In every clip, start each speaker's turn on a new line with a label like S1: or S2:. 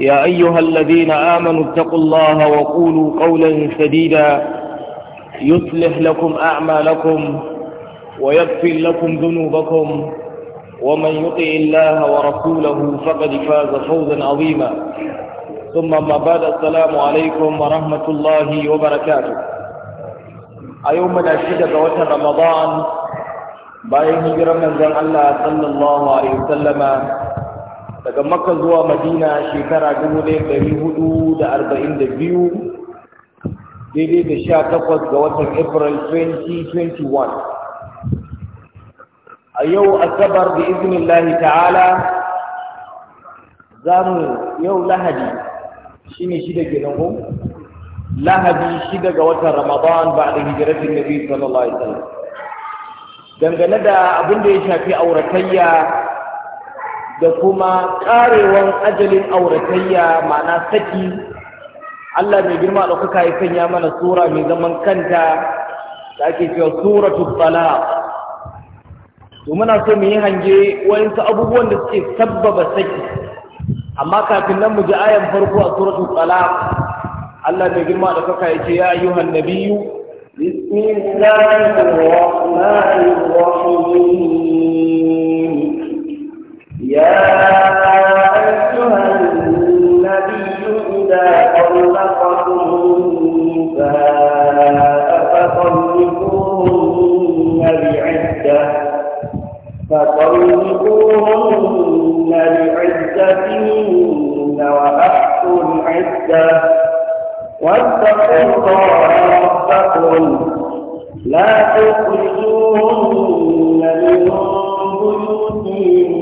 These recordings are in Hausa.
S1: يا أيها الذين آمنوا اتقوا الله وقولوا قولا سديدا يصلح لكم أعمالكم ويغفر لكم ذنوبكم ومن يطع الله ورسوله فقد فاز فوزا عظيما ثم ما بعد السلام عليكم ورحمة الله وبركاته أيوم شدة وتر رمضان بأي هجرة من الله صلى الله عليه وسلم daga makka zuwa madina shekara biyu, daidai da sha takwas ga watan april 2021 a yau asabar da izinin lahi ta'ala za mu yau lahadi shi ne shida ke nan lahadi shida ga watan ramadan ba da hijiratun nabi sallallahu alaihi wasallam dangane da abin da ya shafi auratayya da kuma karewan ajalin auratayya ma'ana saki Allah mai girma kuka yi sanya mana sura mai zaman kanta da ake cewa suratul talaq to muna so mu yi hange wayansu abubuwan da suke sabbaba saki amma kafin nan mu ji ayan farko a suratu Bala. Allah mai girma kuka yi ce ya ayyuhan nabiyyu بسم
S2: يا أيها النبي إذا فطلقوهن لعدة فطلقوهن لعدتهن واتقوا الله ربكم لا تخرجوهن من بيوتهن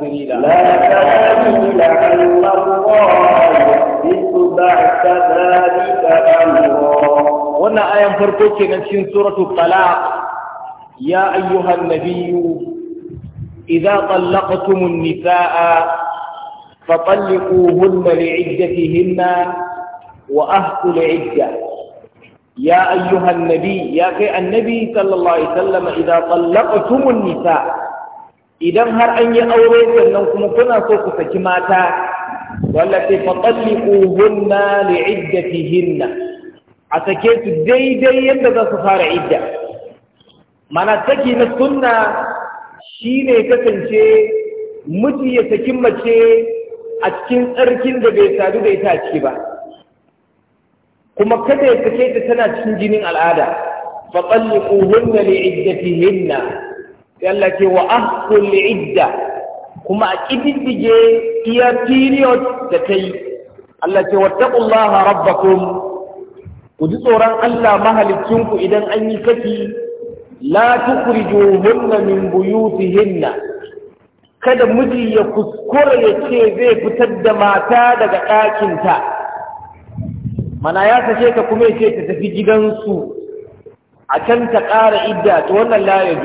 S2: سبيلا لا سبيل أن الله يحدث بعد ذلك أمرا
S1: هنا آية farko kenan cikin سورة الطلاق يا أيها النبي إذا طلقتم النساء فطلقوهن لعدتهن وأهقوا العدة يا أيها النبي يا كي النبي صلى الله عليه وسلم إذا طلقتم النساء idan har an yi aure sannan kuma kuna so ku saki mata wallati fatalliquhunna li'iddatihinna a sake su daidai yadda za su fara idda mana saki na sunna shine kasance miji ya saki mace a cikin tsarkin da bai sadu da ita a ciki ba kuma kada ya sake ta tana cikin jinin al'ada fatalliquhunna li'iddatihinna yalla Allah ce wa ahkul idda kuma a kididdige iya period da ta yi Allah ce rabba rabbakum ku ji tsoron Allah mahalicinku idan an yi saki la tukhrijuhunna min buyutihinna kada miji ya kuskura ya ce zai fitar da mata daga ɗakinta mana ya sace ka kuma ya ce ta tafi gidansu a can ta ƙara idda ta wannan la ya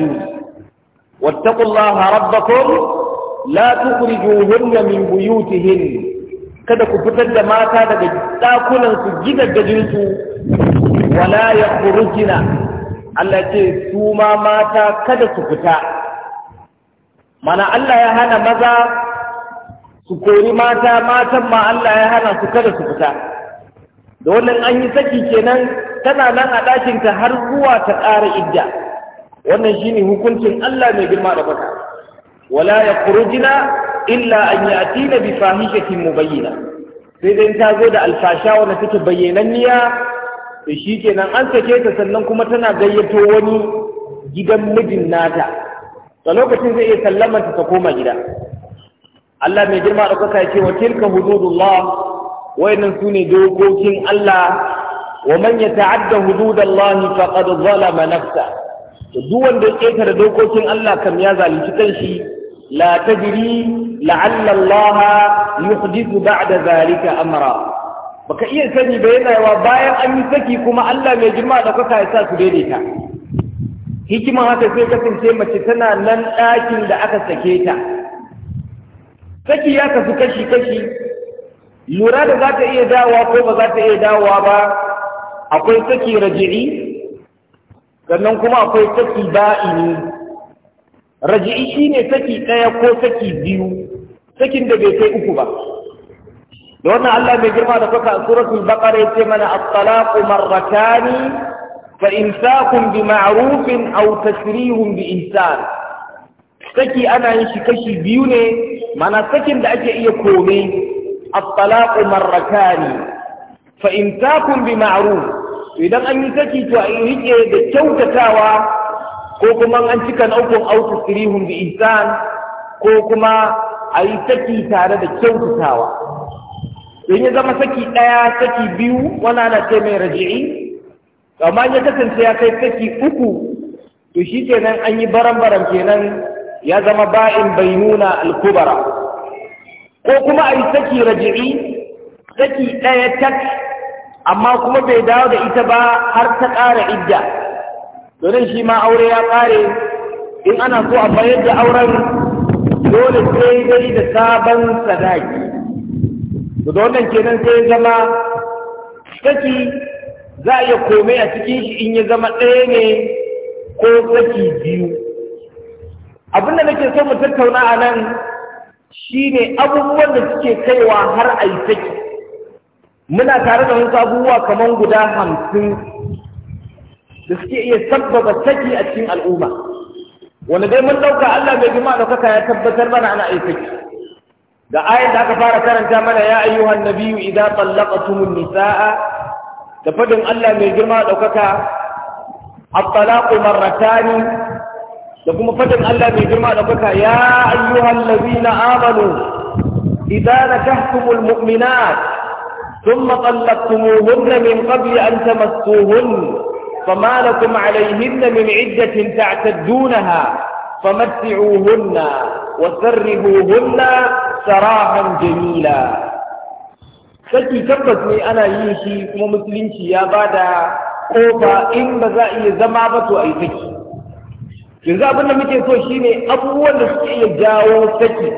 S1: واتقوا الله ربكم لا تخرجوهن من بيوتهن kada ku fitar da mata daga ɗakunansu gidaggajinsu wala ya kurujina Allah ce su ma mata kada su fita mana Allah ya hana maza su kori mata matan ma Allah ya hana su kada su fita da wannan an yi saki kenan tana nan a ɗakinta har zuwa ta ƙara idda wannan shine hukuncin Allah mai girma da baka wala yakhrujna illa an yatina bi fahishatin mubayyina sai dai ta zo da alfasha wanda take bayyananniya to shikenan an sake ta sannan kuma tana gayyato wani gidan mijin nata a lokacin zai iya sallama ta koma gida Allah mai girma da kuka ce wa tilka hududullah wayannan sune dokokin Allah wa man yata'adda hududallahi faqad zalama nafsa to duk wanda ya ƙetare dokokin Allah kam ya zalunci kanshi la tajri la'alla Allah yuhdithu ba'da zalika amra baka iya sani ba yana yawa bayan an yi saki kuma Allah mai girma da kuka ya sa su daidaita hikiman haka sai kasance mace tana nan ɗakin da aka sake ta saki ya kasu kashi kashi lura da za ta iya dawowa ko ba za ta iya dawowa ba akwai saki raji'i sannan kuma akwai saki ba'ini raji'i ne saki ɗaya ko saki biyu sakin da bai kai uku ba da wannan Allah mai girma da kuka suratul baqara yace mana at-talaqu marratani fa imsakun bi ma'rufin aw tasrihun bi ihsan saki ana yin shi kashi biyu ne mana sakin da ake iya kome at-talaqu marratani fa imsakun bi ma'ruf idan an yi saki to a rike da kyautatawa ko kuma an cika naukun autu sirihun bi ihsan ko kuma a yi saki tare da kyautatawa in ya zama saki ɗaya saki biyu wani ana ce mai raji'i amma ya kasance ya kai saki uku to shi kenan an yi baran-baran kenan ya zama ba'in bai nuna alkubara ko kuma a yi saki raji'i saki ɗaya tak amma kuma bai dawo da ita ba har ta ƙara idda domin shi ma aure ya ƙare in ana so a bayar da auren dole sai dai da sabon sadaki da wannan kenan sai zama saki za a iya komai a cikin shi in ya zama ɗaya ne ko saki biyu abinda nake so mu tattauna a nan shine abubuwan da suke kaiwa har a yi saki muna tare da wasu abubuwa kamar guda hamsin da suke iya sabbaba saki a cikin al'umma Wani dai mun ɗauka Allah mai girma da kaka ya tabbatar mana ana aifaki da ayat da aka fara karanta mana ya ayyuhan nabiyyu idza tallaqtumun nisaa da fadin Allah mai girma da at-talaqu marratan da kuma fadin Allah mai girma da ya ayyuhal ladina amanu idza nakahtumul mu'minat ثم طلقتموهن من قبل أن تمسوهن فما لكم عليهن من عدة تعتدونها فمتعوهن وسرهوهن سراحا جميلا سكي كبتني أنا يوشي ممثلينشي يا بادا قوبا إن بزائي زمابت وأيفك إن زابنا متين توشيني أول شيء جاو سكي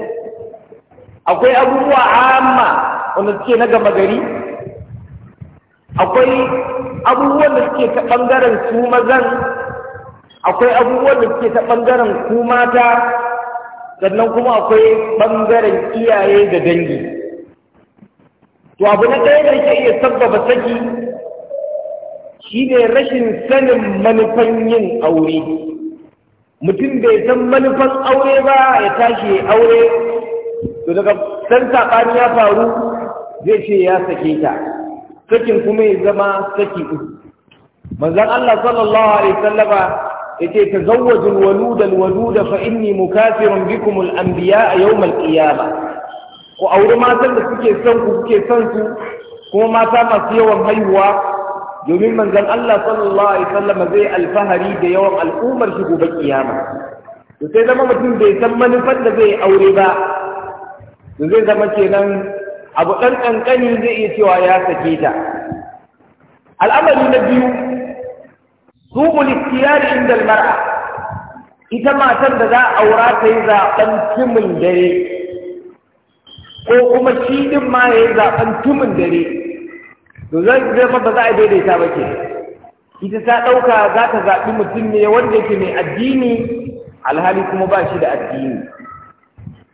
S1: أقول أبوه عامة wanda suke na gama gari akwai abubuwan da suke ta ɓangaren su mazan akwai abubuwan da suke ta ɓangaren ku mata sannan kuma akwai ɓangaren iyaye da dangi to abu na ɗaya da yake iya sabbaba saki shi ne rashin sanin manufan yin aure mutum bai san manufan aure ba ya tashi aure to daga san saɓani ya faru zai ce ya sake ta sakin kuma ya zama saki uku manzon Allah sallallahu alaihi wasallama yace tazawwajul walud al walud fa inni mukafirun bikum al anbiya yawm al ku auri matan da suke son ku suke son su kuma mata masu yawan haihuwa domin manzon Allah sallallahu alaihi zai alfahari da yawan al'ummar shi gobe kiyama to sai zama mutum bai san manufar da zai aure ba to zai zama kenan abu ɗan ƙanƙani zai iya cewa ya sake ta al'amari na biyu su mulkiyari inda mara ita matan da za a aura ta yi zaɓen timin dare ko kuma shi ɗin ma ya yi zaɓen timin dare to zai zama ba za a daidaita ba ke ita ta ɗauka za ta zaɓi mutum ne wanda yake mai addini alhali kuma ba shi da addini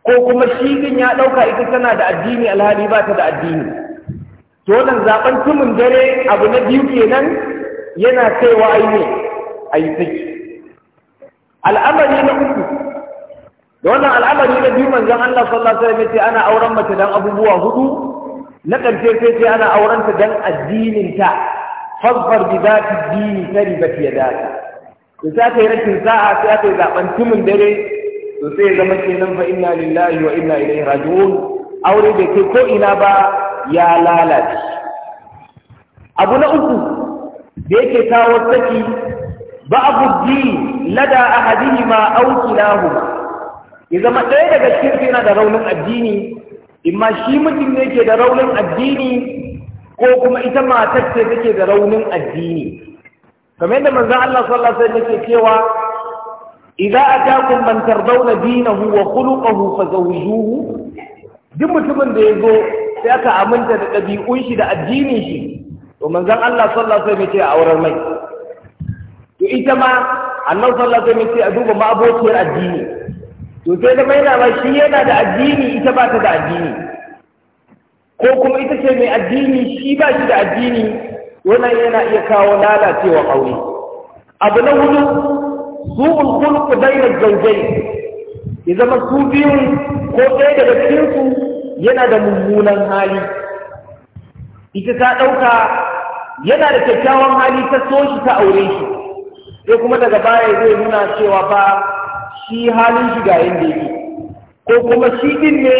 S1: ko kuma shi din ya ɗauka ita tana da addini alhali ba ta da addini to wannan zaben tumin dare abu na biyu kenan yana kaiwa ai ne ai saki
S3: al'amari na uku
S1: da wannan al'amari na biyu manzon Allah sallallahu alaihi wasallam ya ana auren mace dan abubuwa hudu na ƙarshe sai ce ana auren ta dan addinin ta fasfar bi zati dini taribati yadaka to sai ta yi rashin sa'a sai ta yi zaben tumin dare to sai zama kenan fa inna lillahi wa inna ilaihi raji'un aure bai kai ko ina ba ya lalace abu na uku da yake kawo saki abu ji lada ma auki kilahuma ya zama ɗaya daga cikin yana da raunin addini imma shi mutum ne ke da raunin addini ko kuma ita matar ce take da raunin addini kamar yadda manzon Allah sallallahu alaihi wasallam yake cewa idza atakum man tardawna dinahu wa khuluquhu fazawjuhu duk mutumin da yazo sai aka aminta da dabi'un shi da addinin shi to manzon Allah sallallahu alaihi wasallam ya aurar mai to ita ma Allah sallallahu alaihi wasallam ya duba ma abokiyar addini to sai da maina ba shi yana da addini ita ba ta da addini ko kuma ita ce mai addini shi ba shi da addini wannan yana iya kawo lalacewa aure abu na hudu su'ul khuluq bainal zawjayn ya zama su biyun ko ɗaya daga cikin su yana da mummunan hali ita ta ɗauka yana da kyakkyawan hali ta so shi ta aure shi sai kuma daga baya zai nuna cewa fa shi halin shi ga yanda yake ko kuma shi din ne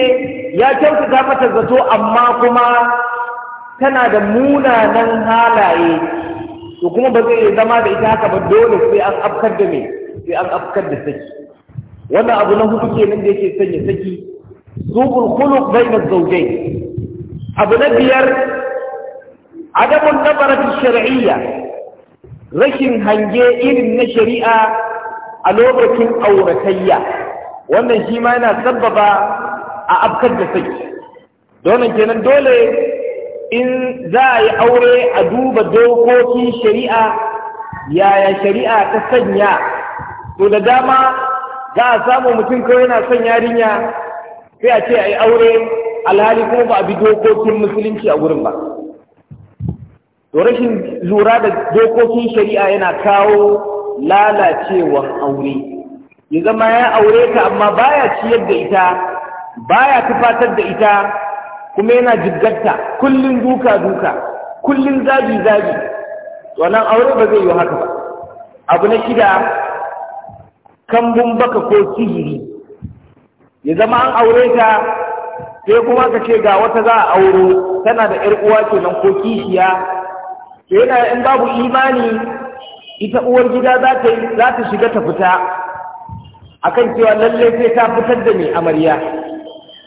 S1: ya ta fata zato amma kuma tana da munanan halaye to kuma ba zai zama da ita haka ba dole sai an afkar da me sai an afkar da saki wannan abu na hudu kenan da yake sanya saki suqul khuluq bayna zawjayn abu na biyar
S3: adamun nabarati shar'iyya
S1: rashin hange irin na shari'a a lokacin auratayya wannan shi ma yana sabbaba a afkar da saki donan kenan dole in za a yi aure a duba dokokin shari'a yaya shari'a ta sanya to da dama za a samu mutum kawai yana son yarinya
S3: sai a ce a yi aure
S1: alhali kuma ba a bi dokokin musulunci a wurin ba to rashin lura da dokokin shari'a yana kawo lalacewan aure ya zama ya aure ta amma baya ciyar da ita baya tufatar da ita kuma yana jiggarta kullum duka duka kullum zabi-zabi. wannan aure ba zai yi haka ba abu na shida kambun baka ko kihiri. ya zama an aure ta sai kuma ka ce ga wata za a auro tana da ƴar uwa kenan ko kishiya to yana in babu imani ita uwar gida za ta shiga ta fita akan cewa lallai sai ta fitar da mai amarya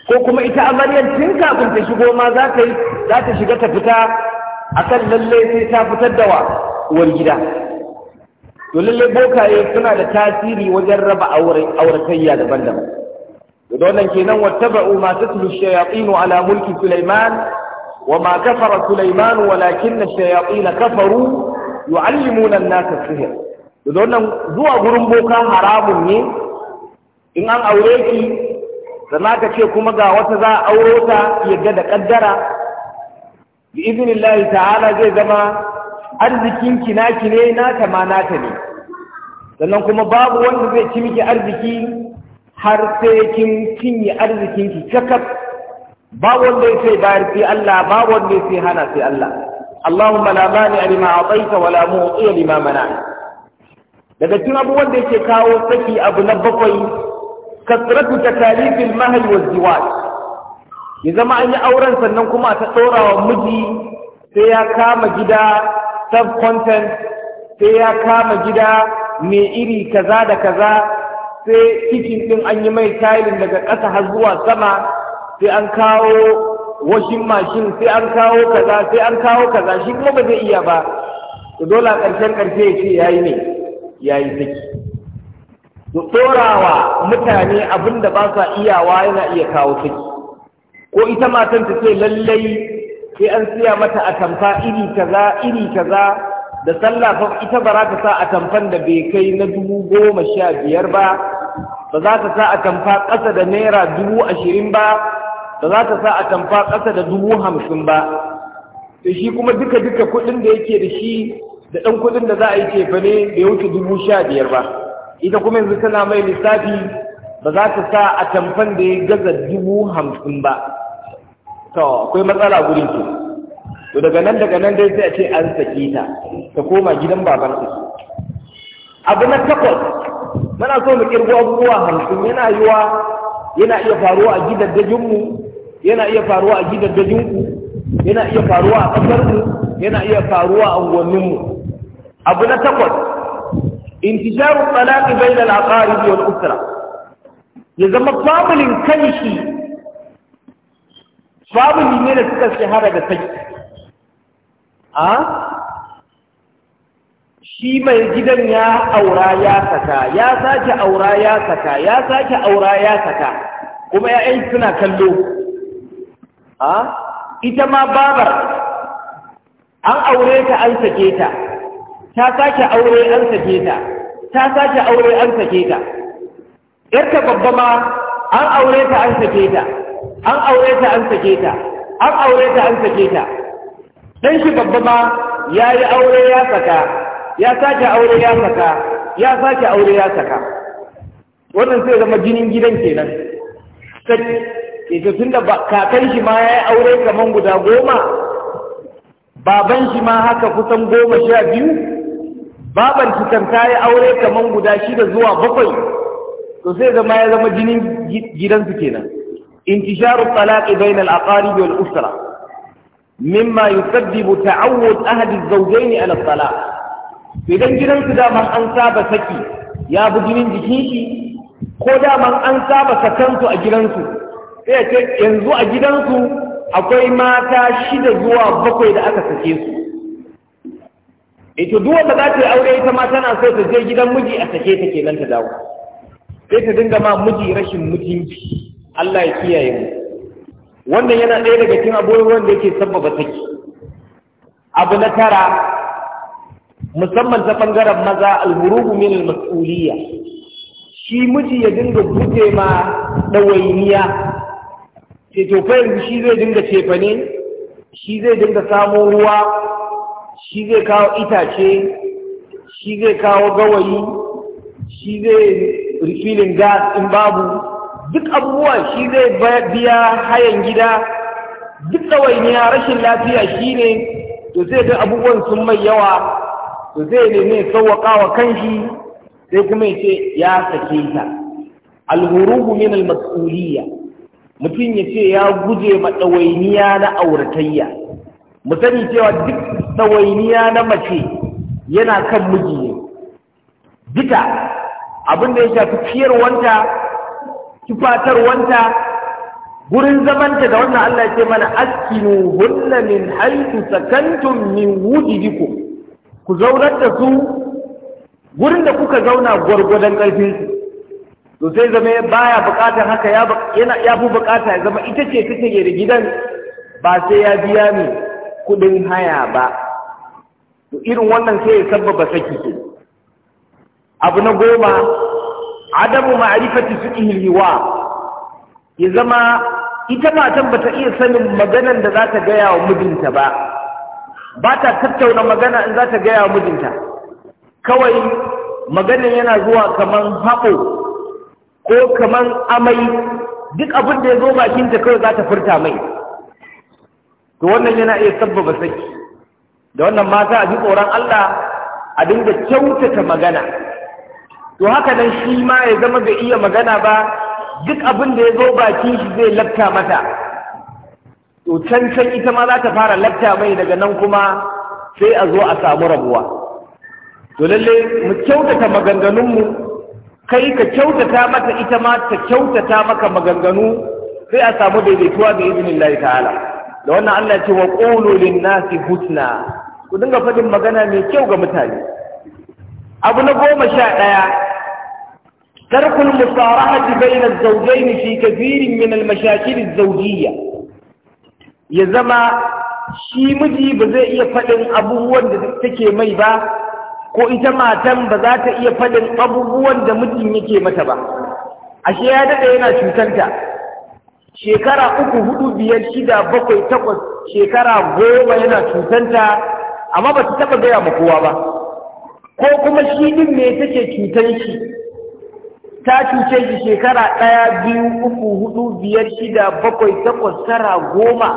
S1: ko kuma ita amaryar tun kafin ta shigo ma za ta yi za ta shiga ta fita a kan lalle sai ta fitar da wa uwar gida to lalle bokaye suna da tasiri wajen raba auratayya daban-daban da wannan kenan wattaba'u ma tatlu shayatin ala mulki sulaiman wa ma kafara sulaiman walakin ash-shayatin kafaru yu'allimuna an-nasa as-sihr da wannan zuwa gurin boka haramun ne in an aure ki sannan aka ce kuma ga wata za a auro ta yadda da kaddara bi iznillahi ta'ala zai zama arzikin ki naki ne naka ma naka ne sannan kuma babu wanda zai ci miki arziki har sai kin cinye arzikin ki kakaf babu wanda ya sai bayar sai Allah babu wanda ya sai hana fi Allah Allahumma la mani lima a'taita wa la mu'ti lima mana'ta daga cikin abubuwan da yake kawo saki abu na bakwai kasratu takalifil mahal wal ziwaj ya zama an yi auren sannan kuma ta tsora miji sai ya kama gida sub content sai ya kama gida mai iri kaza da kaza sai kitchen din an yi mai tiling daga ƙasa har zuwa sama sai an kawo washin mashin sai an kawo kaza sai an kawo kaza shi kuma ba zai iya ba to dole a ƙarshen ƙarshe ya ce yayi ne yayi saki tsorawa mutane abin da ba sa iyawa yana iya kawo ciki ko ita matan ta ce lallai sai an siya mata a tamfa iri kaza iri kaza da sallah fa ita ba za ta sa a tamfan da bai kai na dubu goma sha biyar ba ba za ta sa a tamfa ƙasa da naira dubu ashirin ba ba za ta sa a tamfa ƙasa da dubu hamsin ba to shi kuma duka duka kuɗin da yake da shi da ɗan kuɗin da za a yi cefane ne bai wuce dubu sha biyar ba ita kuma yanzu tana mai lissafi ba za ta sa a tamfan da ya gaza dubu hamsin ba to akwai matsala gurin ke to daga nan daga nan dai sai a ce an saki ta ta koma gidan baban su abu na takwas muna so mu kirgo abubuwa hamsin yana yiwa yana iya faruwa a gidaddajinmu yana iya faruwa a gidaddajinku yana iya faruwa a ƙasarmu yana iya faruwa a unguwanninmu abu na takwas intijaru talaqi bayna al-aqarib wal usra ya zama familin kanshi family ne da suka shahara da sai shi mai gidan ya aura ya saka ya sake aura ya saka ya sake aura ya saka kuma ya'yan suna kallo a ita ma babar an aure ta an sake ta ta sake aure an sake ta ta sace aure an sake ta yarta babba ma an aure ta an sake ta an aure ta an sake ta an aure ta an sake ta dan shi babba ma yayi aure ya saka ya sace aure ya saka ya sace aure ya saka wannan sai zama jinin gidan kenan sai ke tunda kakan shi ma yayi aure kaman guda goma baban shi ma haka kusan goma sha biyu baban cikin ta yi aure kaman guda shida zuwa bakwai to sai zama ya zama jinin gidansu kenan intisharu talaqi bayna al-aqarib wal usra mimma yusabbibu ta'awud ahad az-zawjayn ala talaq idan gidansu daman an saba saki ya bi jinin jikin shi ko daman an saba sakansu a gidansu sai ce yanzu a gidansu akwai mata shida zuwa bakwai da aka sake su ita eh, duk wanda za ta yi aure ita ma tana so ta je gidan miji a sake ta nan ta dawo sai ta dinga ma miji rashin mutunci Allah ya kiyaye mu wannan yana ɗaya daga cikin abubuwan da yake sabbaba saki abu na tara musamman ta bangaren maza alhurubu min almas'uliyya shi miji ya dinga guje ma ɗawainiya ce to fa yanzu shi zai dinga cefane shi zai dinga samo ruwa shi zai kawo itace shi zai kawo gawayi shi zai refilling gas in babu duk abubuwa shi zai biya hayan gida duk ɗawainiya rashin lafiya shi ne to zai ga abubuwan sun mai yawa to zai nemi sauwaƙa wa kanshi sai kuma ya ce ya sake ta alhuruhu min almas'uliyya mutum ya ce ya guje ma ɗawainiya na auratayya mu sani cewa duk ɗawainiya na mace yana kan miji ne duka abin da ya shafi ciyarwanta tufatarwanta gurin zamanta da wannan Allah ya ce mana askinu hunna min haitu sakantum min wujidikum ku zaunar da su gurin da kuka zauna gwargwadon karfin su to sai zama baya bukata haka ya yana ya fi bukata ya zama ita ce take da gidan ba sai ya biya ni kuɗin haya ba to irin wannan sai ya sabbaba saki ke abu na goma adamu ma'arifati fiqh liwa ya zama ita matan bata iya sanin maganan da za ta gaya wa mijinta ba ba ta tattauna magana in za ta gaya wa mijinta kawai maganan yana zuwa kaman haɓo ko kaman amai duk abin da ya zo bakinta kawai za ta furta mai to wannan yana iya sabbaba saki da wannan ma za a ji tsoron Allah a dinga kyautata magana to haka nan shi ma ya zama bai iya magana ba duk abin da ya zo bakin shi zai lafta mata to can ita ma za ta fara lafta mai daga nan kuma sai a zo a samu rabuwa to lalle mu kyautata maganganunmu kai ka kyautata mata ita ma ta kyautata maka maganganu sai a samu daidaituwa da izinin Allah ta'ala da wannan Allah ya ce wa qulu lin-nasi husna ku dinga faɗin magana mai kyau ga mutane abu na goma sha ɗaya tarkul musarahati bainal zawjayn fi kathirin min al mashakil zawjiyya ya zama shi miji ba zai iya faɗin abubuwan da take mai ba ko ita matan ba za ta iya faɗin abubuwan da mijin yake mata ba ashe ya daɗa yana cutanta shekara uku hudu biyar shida bakwai takwas shekara goma yana cutanta amma ba su taɓa gaya ma kowa ba ko kuma shi ɗin me take cutar shi ta cuce shi shekara ɗaya biyu uku hudu biyar shida bakwai takwas tara goma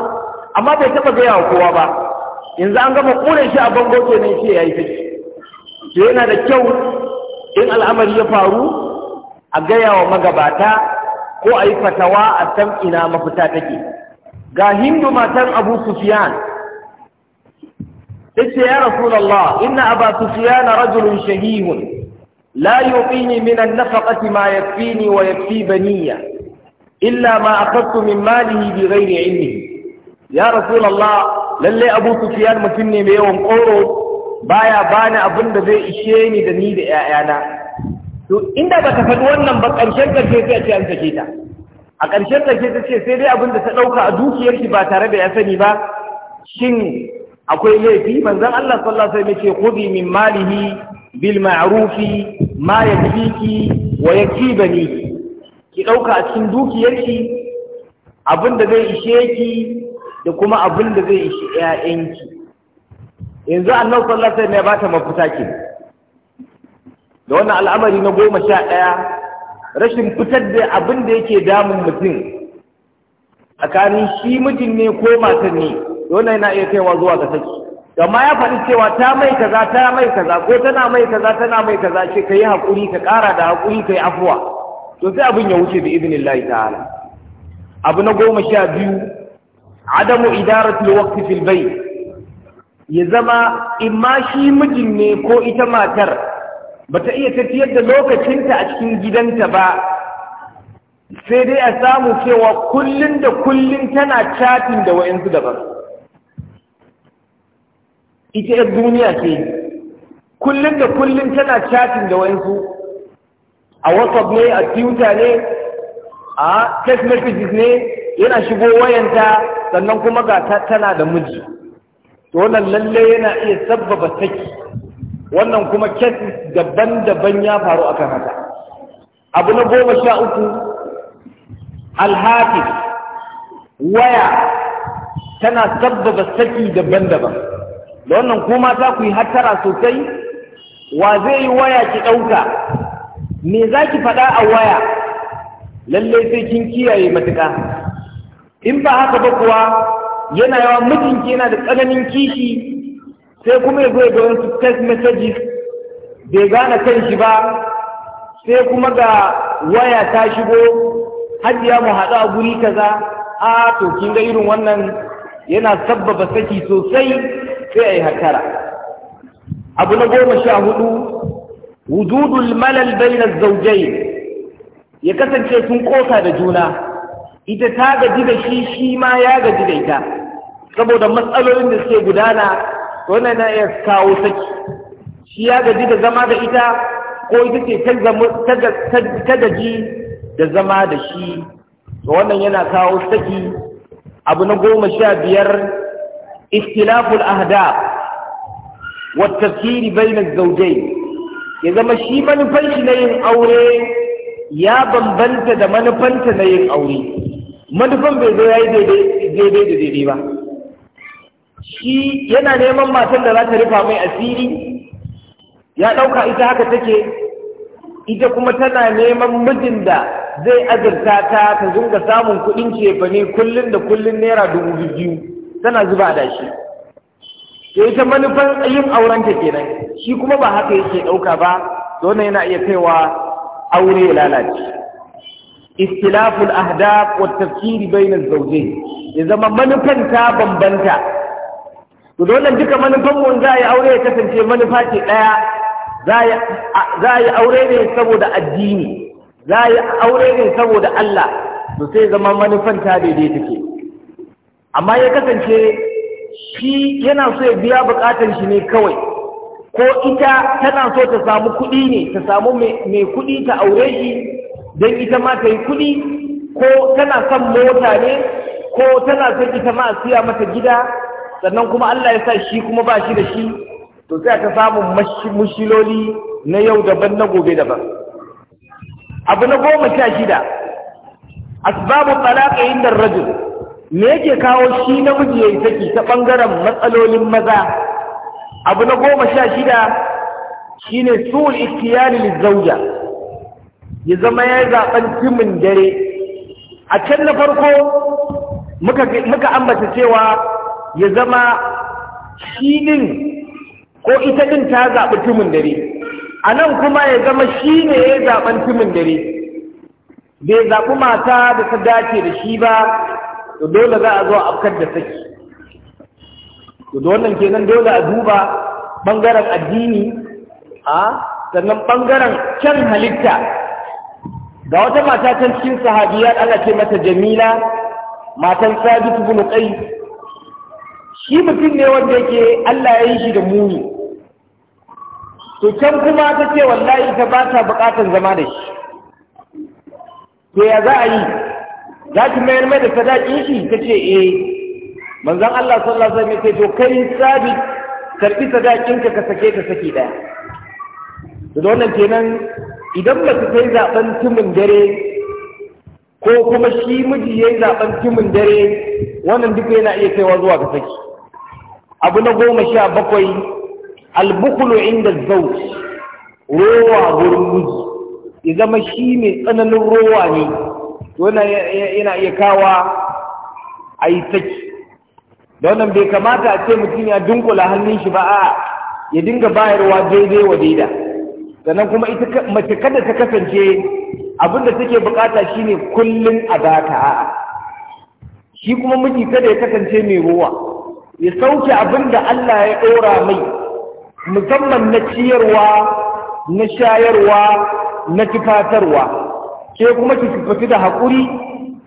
S1: amma bai taɓa gaya wa kowa ba yanzu an gama ƙure shi a bango kenan shi ya yi saki to yana da kyau in al'amari ya faru a gaya wa magabata ko a yi fatawa a san ina mafita take ga hindu matan abu sufiyan yace ya rasulullah inna aba sufyan rajulun shahihun la yuqini min an-nafaqati ma yakfini wa yakfi baniya illa ma akhadtu min malihi bighairi ilmihi ya rasulullah lalle abu sufyan mutum ne mai yawan koro baya bani abin da zai ishe ni da ni da 'ya'yana. to inda baka faɗi wannan ba ƙarshen ƙarshe sai a ce an sake ta a ƙarshen ƙarshe ta ce sai dai abin da ta ɗauka a dukiyar ba tare da ya sani ba shin akwai laifi manzon Allah sallallahu alaihi wasallam yace khudhi min malihi bil ma'rufi ma yakfiki wa yakibani ki dauka a cikin dukiyarki abin da zai ishe ki da kuma abin da zai ishe ƴaƴanki yanzu annabi sallallahu alaihi wasallam ya bata mafita ke da wannan al'amari na goma sha ɗaya rashin fitar da abin da yake damun mutum tsakanin shi mijin ne ko matan ne wannan yana iya kaiwa zuwa ga saki amma ya faɗi cewa ta mai kaza ta mai kaza ko tana mai kaza tana mai kaza ce ka yi haƙuri ka ƙara da haƙuri ka yi afuwa to sai abin ya wuce bi idnillahi ta'ala abu na goma sha biyu adamu idaratul waqti fil bayt ya zama imma shi mijin ne ko ita matar bata iya tafiyar da lokacinta a cikin gidanta ba sai dai a samu cewa kullun da kullun tana chatting da wa'ansu daban ita yar duniya ce kullum da kullum tana chatin da wanku. a whatsapp ne a twitter ne a text messages ne yana shigo wayanta sannan kuma ga tana da miji to wannan lalle yana iya sabbaba saki wannan kuma cases daban-daban ya faru a kan haka abu na goma sha uku alhafi waya tana sabbaba saki daban-daban da wannan kuma za ku yi hattara sosai wa zai yi waya ki ɗauka me za ki faɗa a waya lallai sai kin kiyaye matuƙa in ba haka ba kuwa yana yawa mijinki yana da tsananin kishi sai kuma ya zo don su text messages bai gane kan shi ba sai kuma ga waya ta shigo hajiya mu haɗu a guri kaza a to kin ga irin wannan yana sabbaba saki sosai sai a yi hakara abu na goma sha hudu wujudul malal baina zaujai ya kasance sun kosa da juna ita ta gaji da shi shi ma ya gaji da ita saboda matsalolin da suke gudana wannan na iya kawo saki shi ya gaji da zama da ita ko ita ce ta gaji da zama da shi wannan yana kawo saki abu na goma sha biyar اختلاف الأهداف والتفكير بين الزوجين ya zama shi manufanshi na yin aure ya bambanta da manufanta na yin aure manufan bai zo ya yi daidai da daidai ba shi yana neman matan da za ta rufa mai asiri ya ɗauka ita haka take ita kuma tana neman mijin da zai azurta ta ta zunga samun kuɗin cefane kullum da kullum naira dubu biyu tana zuba da shi Ke ita manufan yin aurenta kenan shi kuma ba haka yake ɗauka ba don yana iya kaiwa aure ya lalace istilaful ahdaf wa tafkiri bayna zawjayn ya zama manufan ta bambanta to dole duka manufan mun za yi aure ya kasance manufa ce ɗaya za yi aure ne saboda addini za yi aure ne saboda Allah to sai zama manufan ta daidai take amma ya kasance shi yana so ya biya bukatar shi ne kawai ko ita tana so ta samu kuɗi ne ta samu mai kuɗi ta aure shi don ita ma ta yi kuɗi ko tana son mota ne ko tana son ita ma a siya mata gida sannan kuma Allah ya sa shi kuma ba shi da shi to sai ta samun mushiloli na yau daban na gobe daban abu na goma sha shida asbabu talaqa inda rajul me yake kawo shi namiji ya yi saki ta ɓangaren matsalolin maza abu na goma sha shida shi ne suwul zauja ya zama ya zaɓen timin dare a can na
S3: farko
S1: muka ambata cewa ya zama shi ɗin ko ita ɗin ta zaɓi timin dare a nan kuma ya zama shi ne ya zaɓen timin dare bai zaɓi mata da ta dace da shi ba to dole za a zo a afkar da saki to da wannan kenan dole a duba bangaren addini a sannan bangaren kyan halitta ga wata mata can cikin sahabiyar ana ce mata jamila matan sabit bin qais shi mutum ne wanda yake Allah ya yi shi da muni to can kuma ta ce wallahi ta ba ta bukatan zama da shi to ya za a yi za ki mayar mai da sadakin shi ta ce eh manzon Allah sallallahu alaihi wasallam ya ce to kai sabi karbi sadakin ka ka sake ta saki daya to da wannan kenan idan ba ta kai zaben dare ko kuma shi miji yayi zaben tumin dare wannan duk yana iya kaiwa zuwa ka saki abu na goma sha bakwai albukulu inda zauj rowa gurin miji ya zama shi mai tsananin rowa ne wannan yana iya kawa a yi saki da wannan bai kamata a ce mutum ya dunkula hannun shi ba a ya dinga bayarwa daidai wa daida sannan kuma ita mace kada ta kasance abin da take bukata shine kullum a baka a'a shi kuma miji kada ya kasance mai ruwa ya sauke abin da Allah ya ɗora mai musamman na ciyarwa na shayarwa na tufatarwa ke kuma ki siffati da haƙuri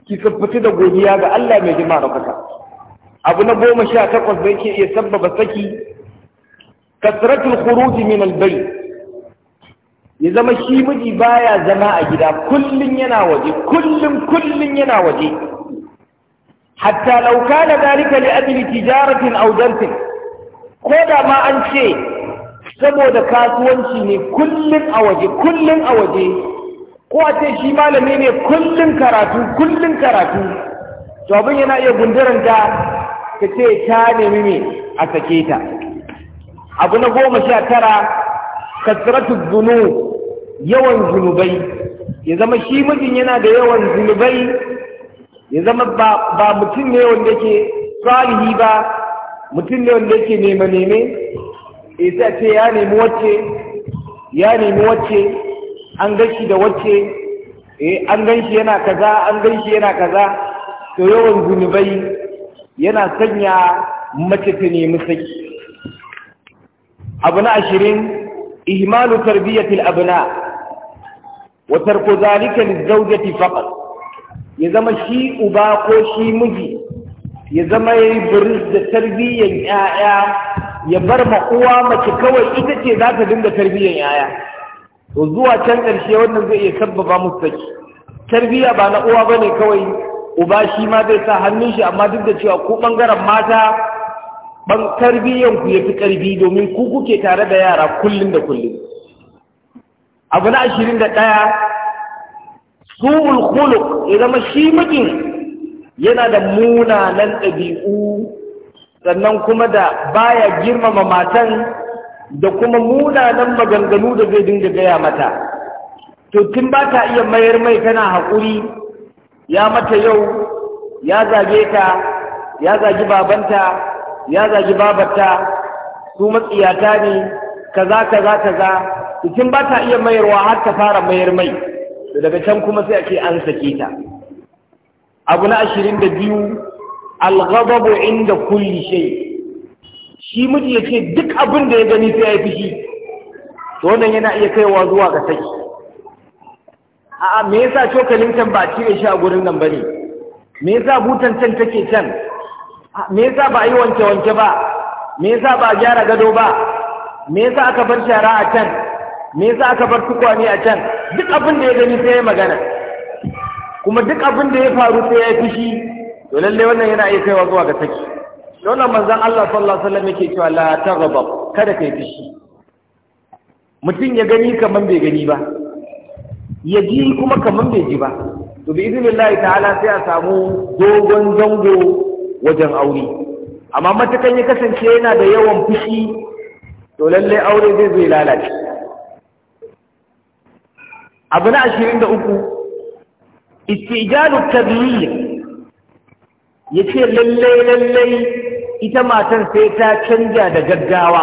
S1: ki siffati da godiya ga Allah mai jima da kasa abu na goma sha takwas da yake iya sabbaba saki kasratul khuruj min al ya zama shi miji baya zama a gida kullum yana waje kullum kullum yana waje hatta law kana dalika li ajli tijaratin aw ko da ma an ce saboda kasuwanci ne kullum a waje kullum a waje ko a ce shi malami ne kullum karatu kullum karatu to abin yana iya gunduran ta ta ce ta nemi ne a sake ta abu na goma sha tara kasratu zunu yawan zunubai ya zama shi mijin yana da yawan zunubai ya zama ba mutum ne wanda yake salihi ba mutum ne wanda yake nema neme sai ce ya nemi wacce ya nemi wacce an gan shi da wacce eh, an gan shi yana kaza an gan yana kaza to yawan zunubai yana sanya mace ta nemi saki abu na ashirin ihmalu tarbiyyatil abna wa tarku zalika lizawjati faqat ya zama shi uba ko shi miji ya zama yayi buris da tarbiyyan 'ya'ya ya bar ma uwa mace kawai ita ce za ta dinga tarbiyyan 'ya'ya to zuwa can ƙarshe wannan zai iya sabbaba musu saki tarbiyya ba na uwa bane kawai uba shi ma zai sa hannun shi amma duk da cewa ko bangaren mata ban tarbiyyan ku yafi karbi domin ku kuke tare da yara kullum da kullum abu na ashirin da ɗaya su'ul khuluq ya zama shi mutum yana da munanan ɗabi'u sannan kuma da baya girmama matan da kuma munanan maganganu da zai dinga gaya mata to tun ba ta iya mayar mai tana haƙuri ya mata yau ya zage ta ya zagi babanta ya zagi babarta su matsiyata ne kaza kaza kaza tun ba ta iya mayarwa har ta fara mayar mai daga can kuma sai ake an sake ta abu na ashirin da biyu alghadabu inda kulli shay shi miji ya ce duk abin da ya gani sai ya fushi to wannan yana iya kaiwa zuwa ga saki a'a me yasa cokalin can ba cire shi a gurin nan bane me yasa butan can take can me yasa ba yi wanke wanke ba me yasa ba gyara gado ba me yasa aka bar shara a can me yasa aka bar tukwane a can duk abin da ya gani sai ya magana kuma duk abin da ya faru sai ya fushi to lalle wannan yana iya kaiwa zuwa ga saki Dole manzan Allah sallallahu Alaihi wasallam yake cewa la targhab kada kai fishi. Mutum ya gani kaman bai gani ba, ya ji kuma kaman bai ji ba. To bi iznillahi ta'ala sai a samu dogon zango wajen aure. Amma matakan ya kasance yana da yawan fushi to lallai aure zai zai lalace. Abu na ashirin da uku, istijalu tabiyyar ya ce lallai lallai ita matan sai ta canja da gaggawa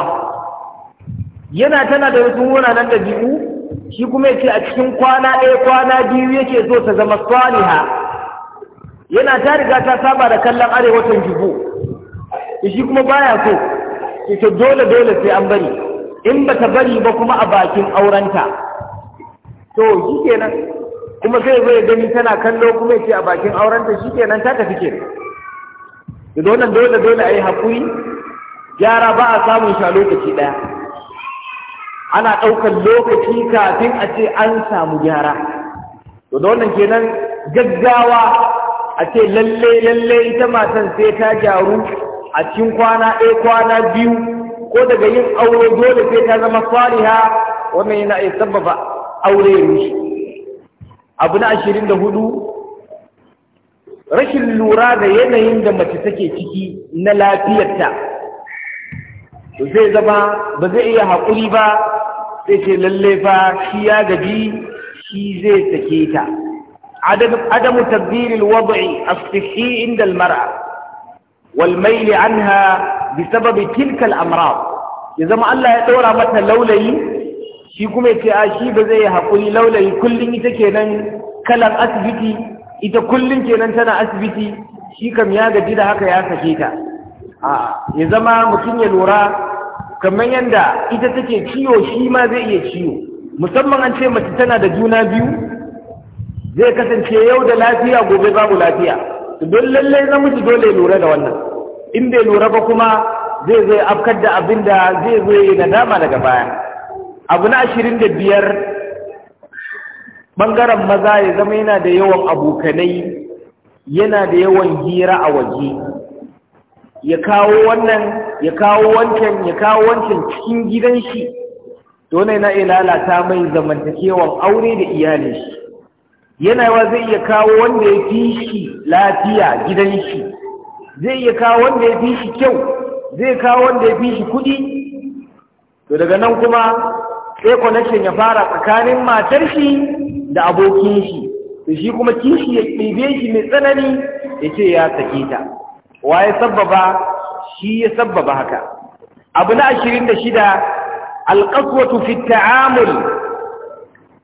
S1: yana tana da wasu da ɗabi'u shi kuma yake a cikin kwana ɗaya kwana biyu yake so ta zama saliha yana ta riga ta saba da kallon arewacin jibo shi kuma baya so ita dole dole sai an bari in ba ta bari ba kuma a bakin aurenta to shi kenan kuma sai zai gani tana kallo kuma yake a bakin aurenta shi kenan ta tafi kenan da wannan dole dole a yi haƙuri gyara ba a samun shi a lokaci ɗaya ana ɗaukar lokaci kafin a ce an samu gyara to da wannan kenan gaggawa a ce lalle lalle ita matan sai ta gyaru a cikin kwana ɗaya kwana biyu ko daga yin aure dole sai ta zama fariha wannan yana iya sababa aure rushe abu na ashirin da hudu rashin lura da yanayin da mace take ciki na lafiyarta zai zama ba zai iya haƙuri ba sai ce lalle fa shi ya gaji shi zai sake ta adamu tabdiril wad'i a sihhi inda al-mar'a wal mail anha bisabab tilka al ya zama Allah ya daura mata laulayi shi kuma ya ce a shi ba zai haƙuri laulayi kullum ita kenan kalan asibiti ita kullum kenan tana asibiti shi kam ya gaji da haka ya sake ta a ya zama mutum ya lura kamar yadda ita take ciwo shi ma zai iya ciwo musamman an ce mace tana da juna biyu zai kasance yau da lafiya gobe babu lafiya don lallai mutu dole lura da wannan in bai lura ba kuma zai zai afkar da abin da zai zo nadama daga baya abu na ashirin da biyar ɓangaren maza ya zama yana da yawan abokanai yana da yawan hira a waje ya kawo wannan ya kawo wancan ya kawo wancan cikin gidan shi na lalata mai zamantakewan aure da iyalin shi yana wa zai iya kawo wanda ya fi shi lafiya gidan shi zai iya kawo wanda ya fi shi kyau zai kawo wanda ya fi shi kuɗi to daga nan kuma sai connection ya fara tsakanin matar shi da abokin shi to shi kuma kishi ya ɗibe shi mai tsanani ya ce ya sake ta Waye sabbaba shi ya sabbaba haka abu na ashirin da shida alƙaswatu fi ta'amul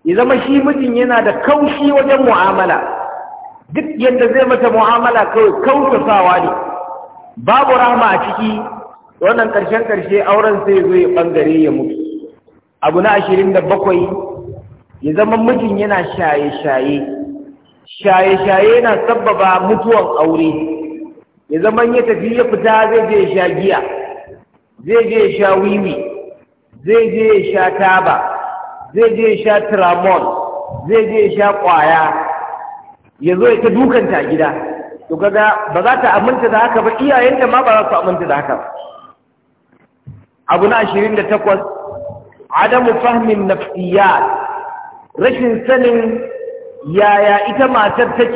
S1: ya zama shi mutum yana da kaushi wajen mu'amala duk yadda zai mata mu'amala kawai kautasawa ne babu rahma a ciki wannan ƙarshen ƙarshe auren sai zo ya ya mutu abu na ashirin da bakwai ya zama mijin yana shaye-shaye shaye-shaye yana sababa mutuwan aure ya zama ya tafi ya fita zai je sha giya zai je sha wiwi zai je sha taba zai je sha tramon zai je sha kwaya ya zo ya ta dukanta gida to kaga ba za ta aminta da haka ba iyayenta ma ba za su aminta da haka abu na ashirin da takwas adamu fahmin nafsiyat rashin sanin yaya ita matar take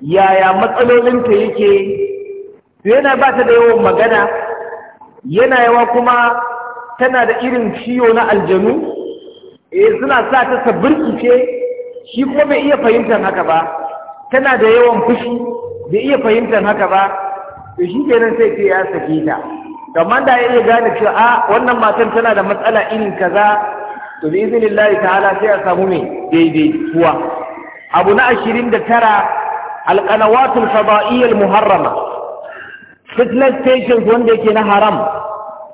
S1: yaya matsalolinta yake to yana ba ta da yawan magana yana yawa kuma tana da irin ciwo na aljanu eh suna sa ta ce shi kuma bai iya fahimtar haka ba tana da yawan fushi bai iya fahimtar haka ba to shi kenan sai ce ya sake ta kamar da ya iya gane cewa a ah, wannan matar tana da matsala irin kaza to bi iznillahi ta'ala sai a samu daidai daidaituwa abu na ashirin da tara alqanawatul fada'iyyal muharrama fitness stations wanda yake na haram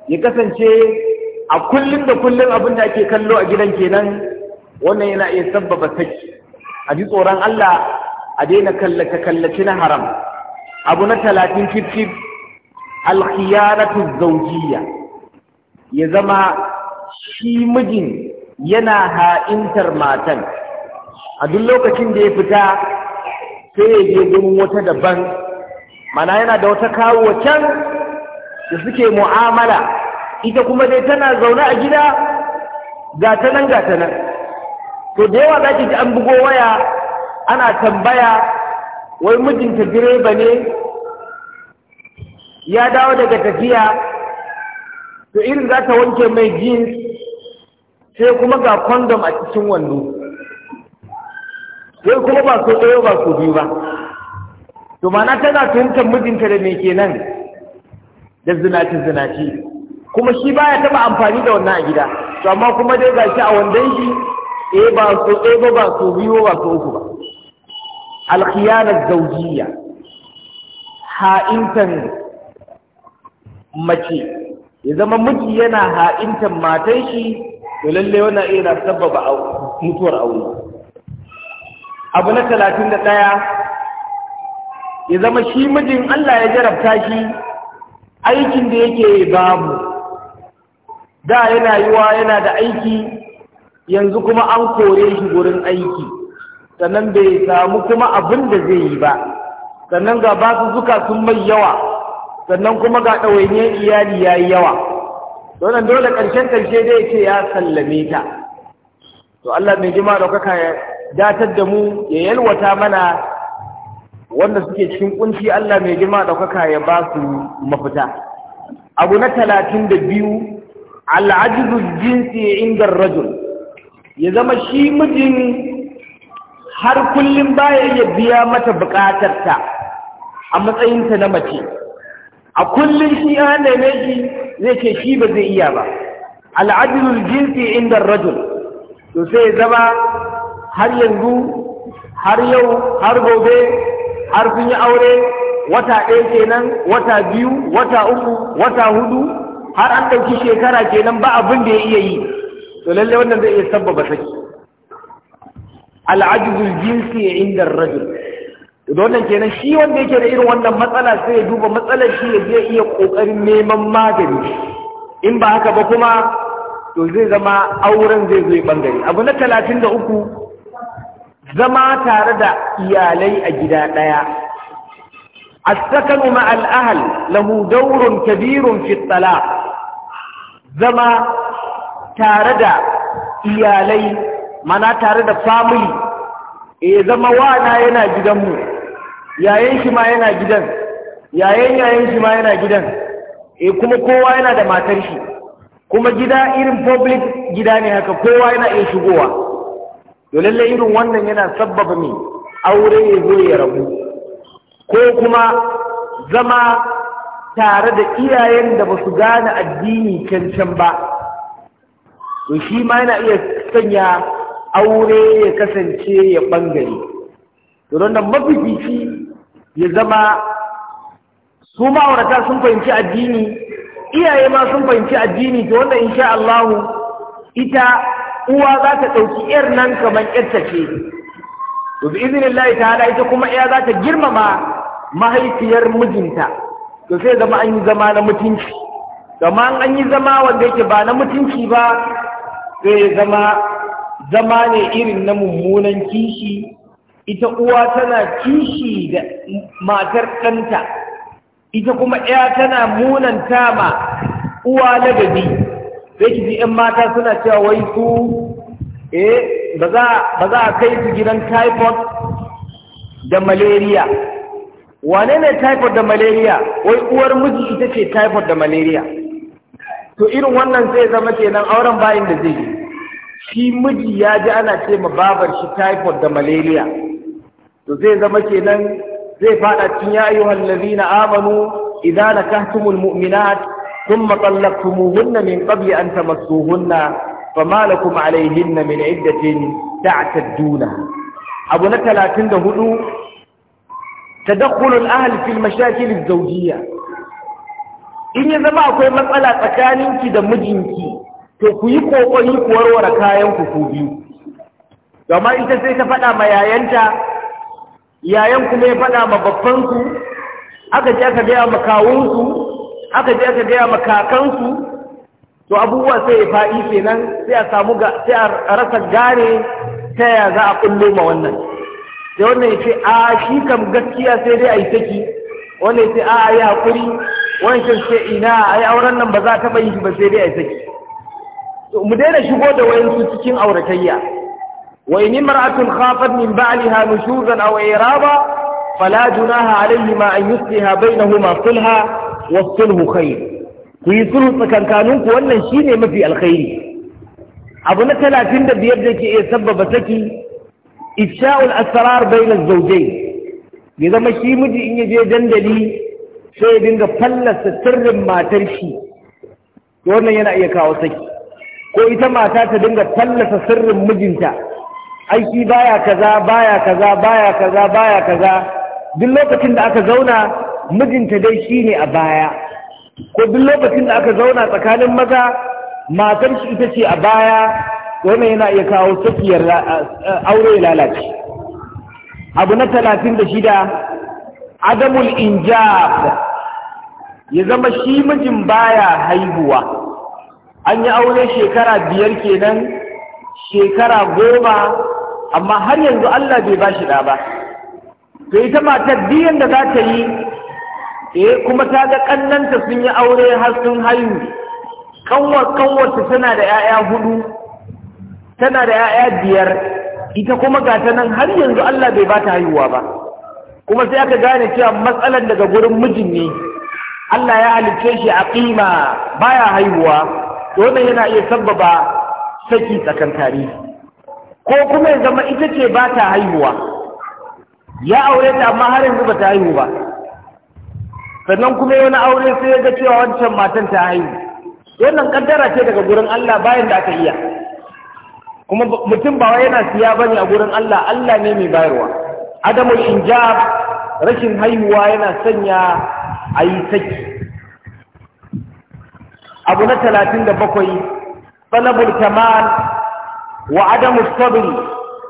S1: ya kasance a kullum da kullum abin da ake kallo a gidan kenan wannan yana iya sabbaba saki a ji tsoron Allah a daina kallace kallaci na haram abu na talatin cif alkhiyaratu alkhiyanatu zawjiyya ya zama shi mijin yana ha'intar matan a duk lokacin da ya fita sai ya je gurin wata daban mana yana da wata kawo can da suke mu'amala ita kuma dai tana zaune a gida ta nan ta nan to da yawa zaki ji an bugo waya ana tambaya wai mijinta direba ne ya dawo daga tafiya to irin za ta wanke mai jeans sai kuma ga kondom a cikin wando sai kuma ba su ɗaya ba su biyu ba to mana tana tuhumtar mijinta da me kenan da zinaci zinaci kuma shi baya taba amfani da wannan a gida to amma kuma dai gashi a wandon shi eh ba su ɗaya ba ba su biyu ba su uku ba alkhiyanar zaujiya ha'intan mace ya zama miji yana ha'intan matan shi to lalle wannan iya sababa mutuwar aure abu na talatin da ɗaya ya zama shi mijin Allah ya jarabta shi aikin da yake babu da yana yiwa yana da aiki yanzu kuma an kore shi wurin aiki sannan bai samu kuma abin da zai yi ba sannan ga basu zuka sun mai yawa sannan kuma ga ɗawainiyar iyali ya yi yawa wannan dole ƙarshen ƙarshe dai ce ya sallame ta to Allah mai jima da kaka ya datar da mu ya yalwata mana wanda suke cikin kunci Allah mai jima da kaka ya ba su mafita abu na talatin da biyu al'ajizu jinsi inda rajul ya zama shi mijin har kullum baya ya biya mata buƙatarta a matsayinta na mace a kullum shi an neme shi zai ce shi ba zai iya ba al'adilul jinsi inda rajul to sai zama har yanzu har yau har gobe har sun yi aure wata ɗaya kenan wata biyu wata uku wata hudu har an ɗauki shekara kenan ba abin da ya iya yi to lallai wannan zai iya sabbaba saki al'ajizul jinsi inda rajul wannan kenan shi wanda yake da irin wannan matsala sai ya duba matsalar shi ya je iya kokarin neman magani in ba haka ba kuma to zai zama auren zai zo bangare abu na talatin da uku zama tare da iyalai a gida ɗaya السكن lahu الأهل kabirun fi كبير Zama tare da iyalai, mana tare da family e zama wana yana gidanmu Yayin shi ma yana gidan yayin yayin shi ma yana gidan e kuma kowa yana da matar shi kuma gida irin public gida ne haka kowa yana iya shigowa to lallai irin wannan yana sabbaba mai aure ya zo ya rabu ko kuma zama tare da iyayen da ba su gane addini cancan ba to shi ma yana iya sanya aure ya kasance ya bangare to don nan mafifici ya zama su ma'aurata sun fahimci addini iyaye ma sun fahimci addini to wanda in sha Allahu ita uwa za ta ɗauki ‘yar nan kamar ‘yarta ce, to bi izinin Allah ta ita kuma ‘ya za ta girmama mahaifiyar mijinta, to sai zama an yi zama na mutunci, zama an yi zama wanda yake ba na mutunci ba sai zama zama ne irin na mummunan kishi ita uwa tana kishi da matar ɗanta ita kuma ɗaya tana munanta ma uwa na ladabi sai ki ji 'yan mata suna cewa wai su eh ba za a kai su gidan typhoid da malaria wane ne typhoid da malaria wai uwar miji ita ce typhoid da malaria to irin wannan zai zama kenan auren bayin da zai yi shi miji ya ji ana ce babar shi typhoid da malaria to zai zama kenan zai fada cikin ya ayyuhal ladina amanu idza kahtumul mu'minat thumma tallaqtumuhunna min qabli an tamassuhunna fama lakum alayhinna min iddatin ta'tadduna abu na 34 تدخل الأهل في المشاكل الزوجية in ya zama akwai matsala tsakaninki da mijinki to ku yi kokari ku warware kayan ku ku biyu gama ita sai ta faɗa ma yayanta yayan kuma ya faɗa ma su aka je aka gaya ma kawunsu aka je aka gaya ma kakansu to abubuwa sai ya fa'i kenan sai a samu ga sai a rasa gane ta ya za a kullo ma wannan sai wannan ya ce a shi kam gaskiya sai dai a yi saki wannan ya ce a a yi haƙuri wancan ce ina a yi auren nan ba za a taɓa yi ba sai dai a yi saki mu daina shigo da wayansu cikin auratayya وإن امرأة خافت من بعلها نشوزا أو إيرابا فلا جناها عليهما أن يصلها بينهما صلها والصله خير في صلح تكنكانون وأن الشين ما في الخير أبو نتلا دب بيبدك إيه سبب سكي إفشاء الأسرار بين الزوجين إذا ما شيء مجي إن يجي دندلي sai dinga fallasa sirrin matar shi wannan yana iya kawo saki ما تاتي mata ta dinga fallasa aiki baya kaza baya kaza baya kaza baya kaza duk lokacin da aka zauna mijinta dai shine a baya ko duk lokacin da aka zauna tsakanin maza matar shi ita ce a baya wannan yana iya kawo tsakiyar aure lalace abu na talatin da shida adamul injab ya zama shi mijin baya haihuwa an yi aure shekara biyar kenan shekara goma amma har yanzu Allah bai ba shi ɗa ba to ita matar biyan da za ta yi eh kuma ta ga ƙannanta sun yi aure har sun haihu kanwar kanwarta tana da 'ya'ya hudu tana da 'ya'ya biyar ita kuma ga ta nan har yanzu Allah bai ba ta haihuwa ba kuma sai aka gane cewa matsalar daga gurin mijin ne Allah ya halicce shi a ƙima baya haihuwa wannan yana iya sababa saki tsakan tarihi ko kuma ya zama ita ce ba ta haihuwa ya aure ta amma har yanzu ba ta haihu ba sannan kuma wani aure sai ya ga cewa wancan matan ta haihu wannan kaddara ce daga gurin Allah bayan da aka iya kuma mutum ba yana siya bane a gurin Allah Allah ne mai bayarwa Adamu, injab rashin haihuwa yana sanya ayi yi saki abu na talatin da bakwai talabul kamal وعدم الصبر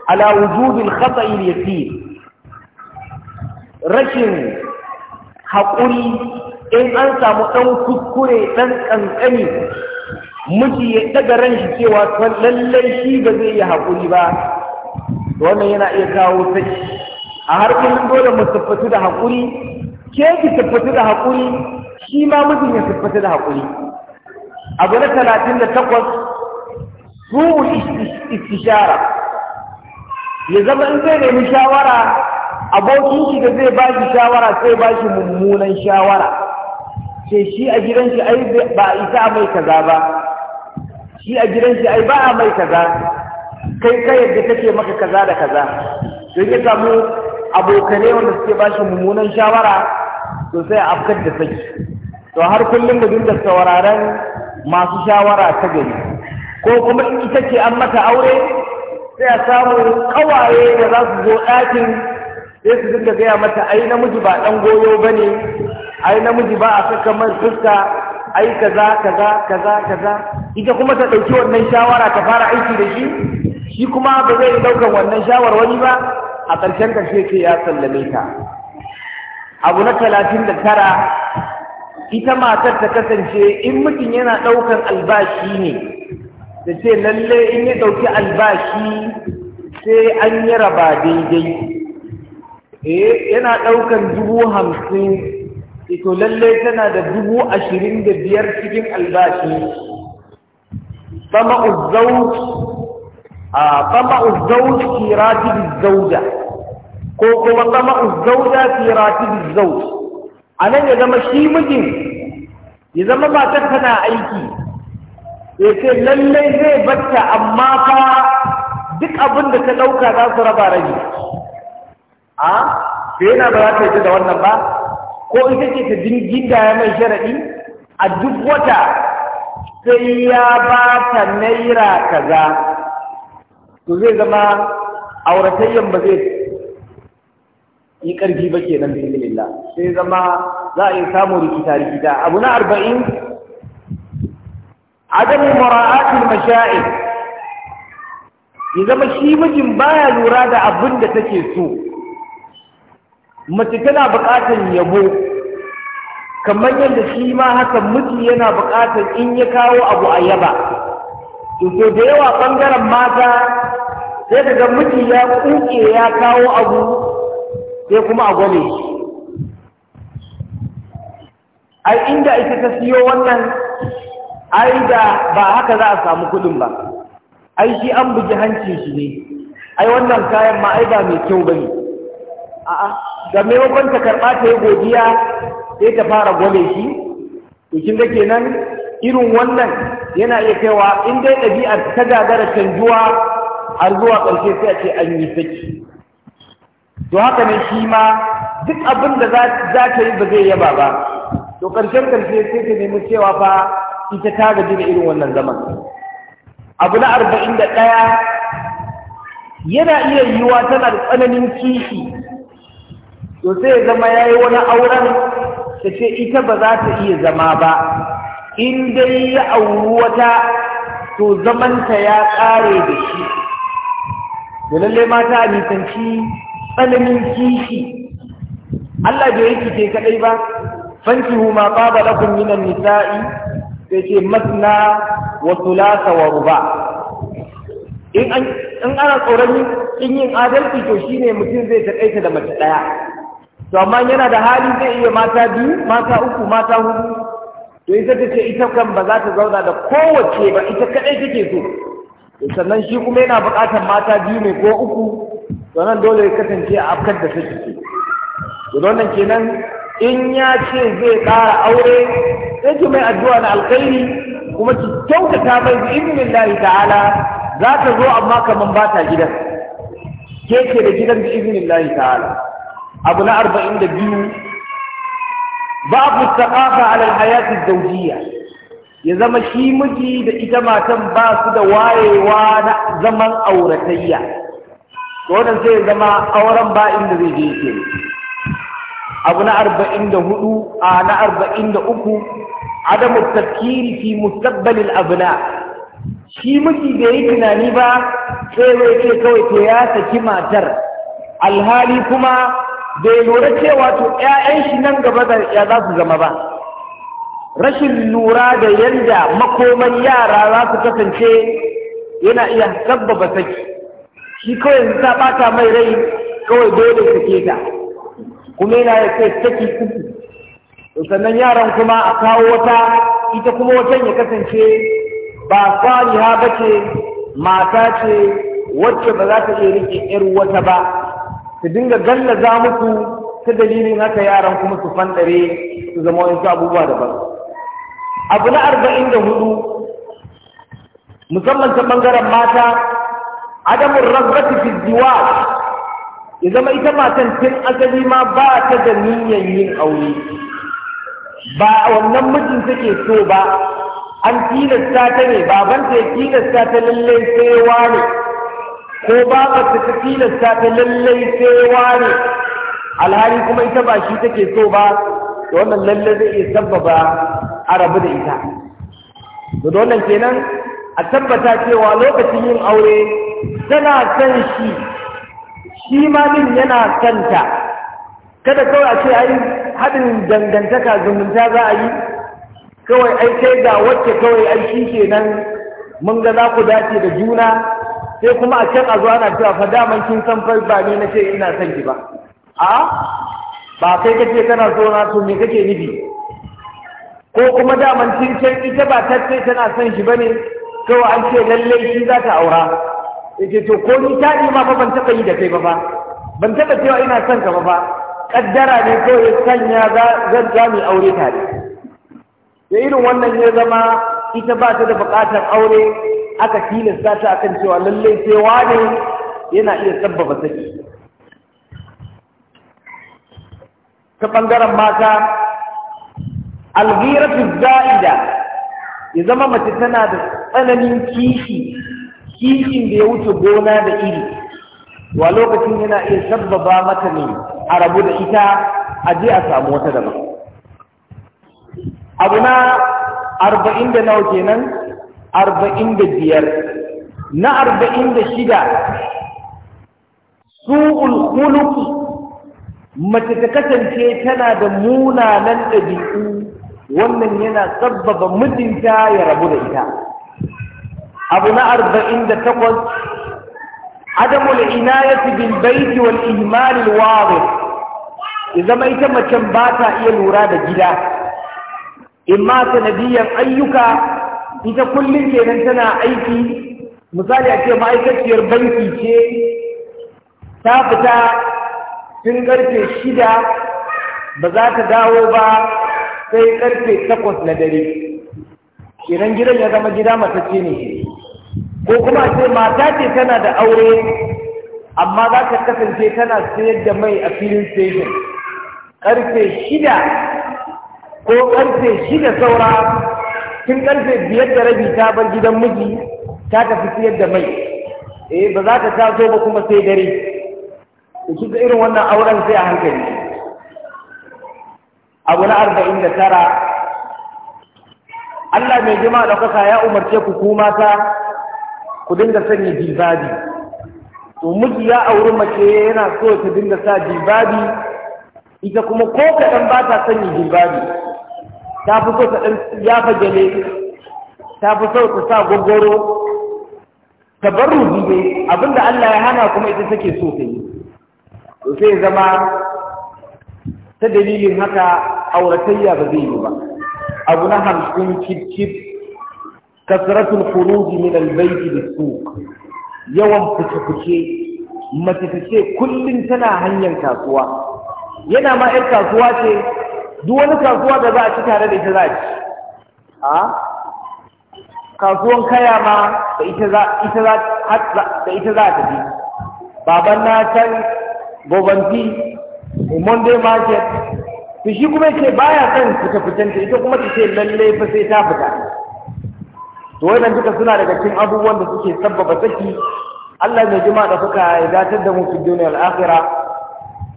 S1: على وجود الخطأ اليسير rashin haƙuri in an samu ɗan kuskure ɗan ƙanƙani miji ya ɗaga ran shi cewa lallai shi ba zai yi haƙuri ba wannan yana iya kawo sai a har dole mu siffatu da haƙuri ke ki siffatu da haƙuri shi ma mijin ya siffatu da haƙuri abu na talatin takwas ruhu istishara ya zama in zai nemi shawara abokin shi da zai ba shi shawara sai ba shi mummunan shawara ce shi a gidan shi ai ba isa mai kaza ba shi a gidan shi ai ba a mai kaza kai kai yadda kake maka kaza da kaza don ya samu abokane wanda suke ba shi mummunan shawara to sai a afkar da saki to har kullum da dinga sauraron masu shawara ta gari
S3: ko kuma ita ce an mata aure
S1: sai a samu kawaye da za su zo ɗakin sai su dinga gaya mata ai namiji ba ɗan goyo ba ne ai namiji ba a saka man fuska ai kaza kaza kaza kaza ita kuma ta ɗauki wannan shawara ta fara aiki da shi shi kuma ba zai ɗaukan wannan wani ba a ƙarshen ƙarshe ke ya sallame ta abu na talatin da tara ita matar ta kasance in mutum yana ɗaukan albashi ne da ce lalle in ya ɗauki albashi sai an yi raba daidai eh yana ɗaukan dubu hamsin ito lalle tana da dubu ashirin da biyar cikin albashi sama uzzauj a sama uzzauj fi ratibin zauja ko kuma sama uzzauja fi ratibin zauj anan ya zama shi mijin ya zama matar tana aiki ya ce lallai zai batta amma fa duk abin da ta ɗauka za su raba rabi a sai yana ba za ta yi da wannan ba ko ita ce ta jirgin da ya mai sharaɗi a duk wata sai ya ba ta naira kaza to zai zama auratayyan ba zai yi ƙarfi ba ke kenan bismillah sai zama za a yi samun rikita rikita abu na arba'in adamu mara'atul masha'ir ya zama shi mijin baya lura da abin da take so mace tana buƙatar yabo kamar yadda shi ma haka miji yana buƙatar in ya kawo abu a yaba to da yawa ɓangaren mata sai daga miji ya kuke ya kawo abu sai kuma a gwame ai inda ita ta siyo wannan ai da ba haka za a samu kuɗin ba ai shi an bugi hancin shi ne ai wannan kayan ma ai ba mai kyau ba ne a'a da maimakon ta karɓa ta yi godiya sai ta fara gwale shi to kin ga kenan irin wannan yana iya kaiwa in dai ɗabi'ar ta gagara canjuwa har zuwa ƙarshe sai a ce an yi saki to haka ne shi ma duk abin da za ta yi ba zai yaba ba to ƙarshen ƙarshe sai ta nemi cewa fa ita ta gaji da irin wannan zaman abu na arba'in da ɗaya yana iya yiwuwa tana da tsananin kishi to sai ya zama ya yi wani auren ta ce ita ba za ta iya zama ba in dai ya auri wata to zamanta ya ƙare da shi to lallai mata a nisanci tsananin kishi Allah bai yi ce kaɗai ba fankihu ma qaba lakum minan nisa'i sai ce matna wa tulasa wa ruba in ana tsoron in yin adalci to shine mutum zai taƙaita da mace ɗaya to amma yana da hali zai iya mata biyu mata uku mata hudu to ita ta ce ita kan ba za ta zauna da kowace ba ita kaɗai take so sannan shi kuma yana buƙatar mata biyu ne ko uku sannan dole ya kasance a afkar da ke ke to wannan kenan in ya ce zai ƙara aure sai ki mai addu'a na alkhairi kuma ki kyautata mai bi lahi ta'ala za ta zo amma kaman ba ta gidan ke ce da gidan bi lahi ta'ala abu na arba'in da biyu babu saqafa ala alhayati zaujiya ya zama shi miji da ita matan ba su da wayewa na zaman auratayya to wannan sai ya zama auren ba inda zai je ke abu na arba'in da hudu a na arba'in da uku adamu tafkiri fi mustaqbalil abna shi miji da yi tunani ba sai wai ce kawai to ya saki matar alhali kuma bai lura cewa to ƴaƴan shi nan gaba da ya za su zama ba rashin lura da yanda makoman yara za su kasance yana iya sabbaba saki shi kawai ta bata mai rai kawai dole sake ta kuma yana da kai saki uku sannan yaran kuma a kawo wata ita kuma watan ya kasance ba saliha ba ce mata ce wacce ba za ta iya riƙe ƴar wata ba ta dinga za muku ta dalilin haka yaran kuma su fanɗare su zama wani abubuwa daban abu na arba'in da hudu musamman ta ɓangaren mata adamun rabbati fi ya zama ita matan tun asali ma ba ta da niyyar yin aure ba wannan mijin take so ba an tilasta ta ne babanta ya tilasta ta lallai sai ne. ko ba ka ta tilasta ta lallai sai ne? alhali kuma ita ba shi take so ba da wannan lallai zai iya sabbaba a rabu da ita da wannan kenan a tabbata cewa lokacin yin aure tana son shi shi ma din yana kanta kada kawai a ce ai haɗin dangantaka zumunta za a yi kawai ai kai ga wacce kawai ai shi kenan mun ga za ku dace da juna sai kuma a can a zuwa ana cewa fa daman kin san fa ba ni na ce ina son ki ba a ba kai kace kana so na to me kake nufi ko kuma daman kin san ita ba ta ce tana son shi bane kawai an ce lallai shi za ta aura yake to ko ni tadi ma fa ban taɓa yi da kai ba ba ban taɓa cewa ina son ka ba ba kaddara ne ko ya sanya ga zan ja mu aure ne ya irin wannan ya zama ita ba ta da buƙatar aure aka tilasta ta akan cewa lalle sai wani yana iya sabbaba saki ta bangaren mata alghiratu za'ida ya zama mace tana da tsananin kishi kishin da ya wuce gona da iri wa lokacin yana iya sabbaba mata ne a rabu da ita a je a samu wata daban abu na arba'in da nawa kenan arba'in da biyar na arba'in da shida su'ul khuluqi mace ta kasance tana da munanan ɗabi'u wannan yana sabbaba mijinta ya rabu da ita abu na arba'in da takwas adamul inayati bil baiti wal ihmal al wadih ya zama ita macen ba ta iya lura da gida imma sanadiyan ayyuka ita kullun kenan tana aiki misali a ce ma'aikaciyar banki ce ta fita tun karfe shida ba za ta dawo ba sai karfe takwas na dare kenan gidan ya zama gida ce ne ko kuma ce mata ce tana da aure amma za ta kasance tana sayar da mai a filin station karfe shida
S3: ko karfe shida saura
S1: tun karfe biyar da rabi ta bar gidan miji ta tafi sayar da mai eh ba za ta taso ba kuma sai dare to shi irin wannan auren sai a hankali abu na arba'in da tara Allah mai jima da kasa ya umarce ku ku mata ku dinga sanya jibabi to miji ya auri mace yana so ta dinga sa jibabi ita kuma ko kaɗan ba ta sanya jibabi ta fi so ta ɗan yafa fagele ta fi so ta sa gogoro tabarruji ne abinda Allah ya hana kuma ita take so ta yi to sai zama ta dalilin haka auratayya ba zai yi ba abu na hamsin cip cip kasratul khuruj min al-bayt lis-suq yawan fice-fice mace ta ce kullum tana hanyar kasuwa yana ma yar kasuwa ce duk wani kasuwa da za a ci tare da ita za a ci a kasuwan kaya ma da ita za da ita za ta tafi baban na can gobanti monday market to shi kuma ce baya son fita fitanta ita kuma ta ce lalle fa sai ta fita to wannan duka suna daga cikin abubuwan da suke sabbaba saki Allah mai jima da suka ya da mu fi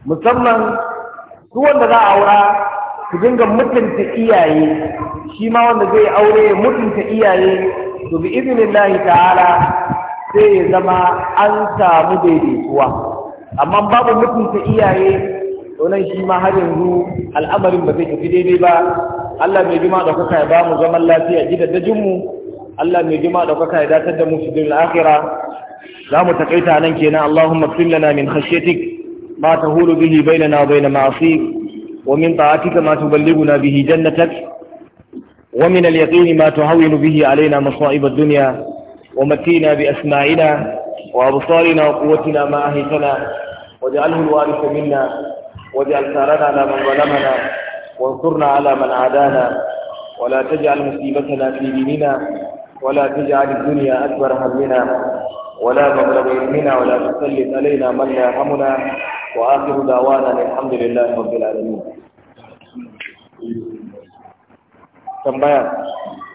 S1: musamman su wanda za a aura su dinga mutunta iyaye shi ma wanda zai aure mutunta iyaye to bi iznillahi ta'ala sai ya zama an samu daidaituwa amma babu mutunta iyaye to nan shi ma har yanzu al'amarin ba zai tafi daidai ba Allah mai jima da kuka ya ba mu zaman lafiya gidajen mu Allah mai jima ɗaukaka ya datar da mu su dun akhira za mu takaita nan kenan Allahumma fil lana min khashyatik ma tahulu bihi bainana wa bain ma'asik wa min ta'atika ma tuballighuna bihi jannatak wa min al-yaqini ma tuhawwinu bihi alaina masa'ib ad-dunya wa matina bi asma'ina wa absarina wa quwwatina ma ahitana waj'alhu al-warith minna waj'al tharana ala man zalamana وانصرنا على من عادانا ولا تجعل مصيبتنا في ديننا ولا تجعل الدنيا أكبر همنا ولا مبلغ علمنا ولا تسلط علينا من لا يرحمنا وآخر دعوانا الحمد لله رب العالمين
S3: tambaya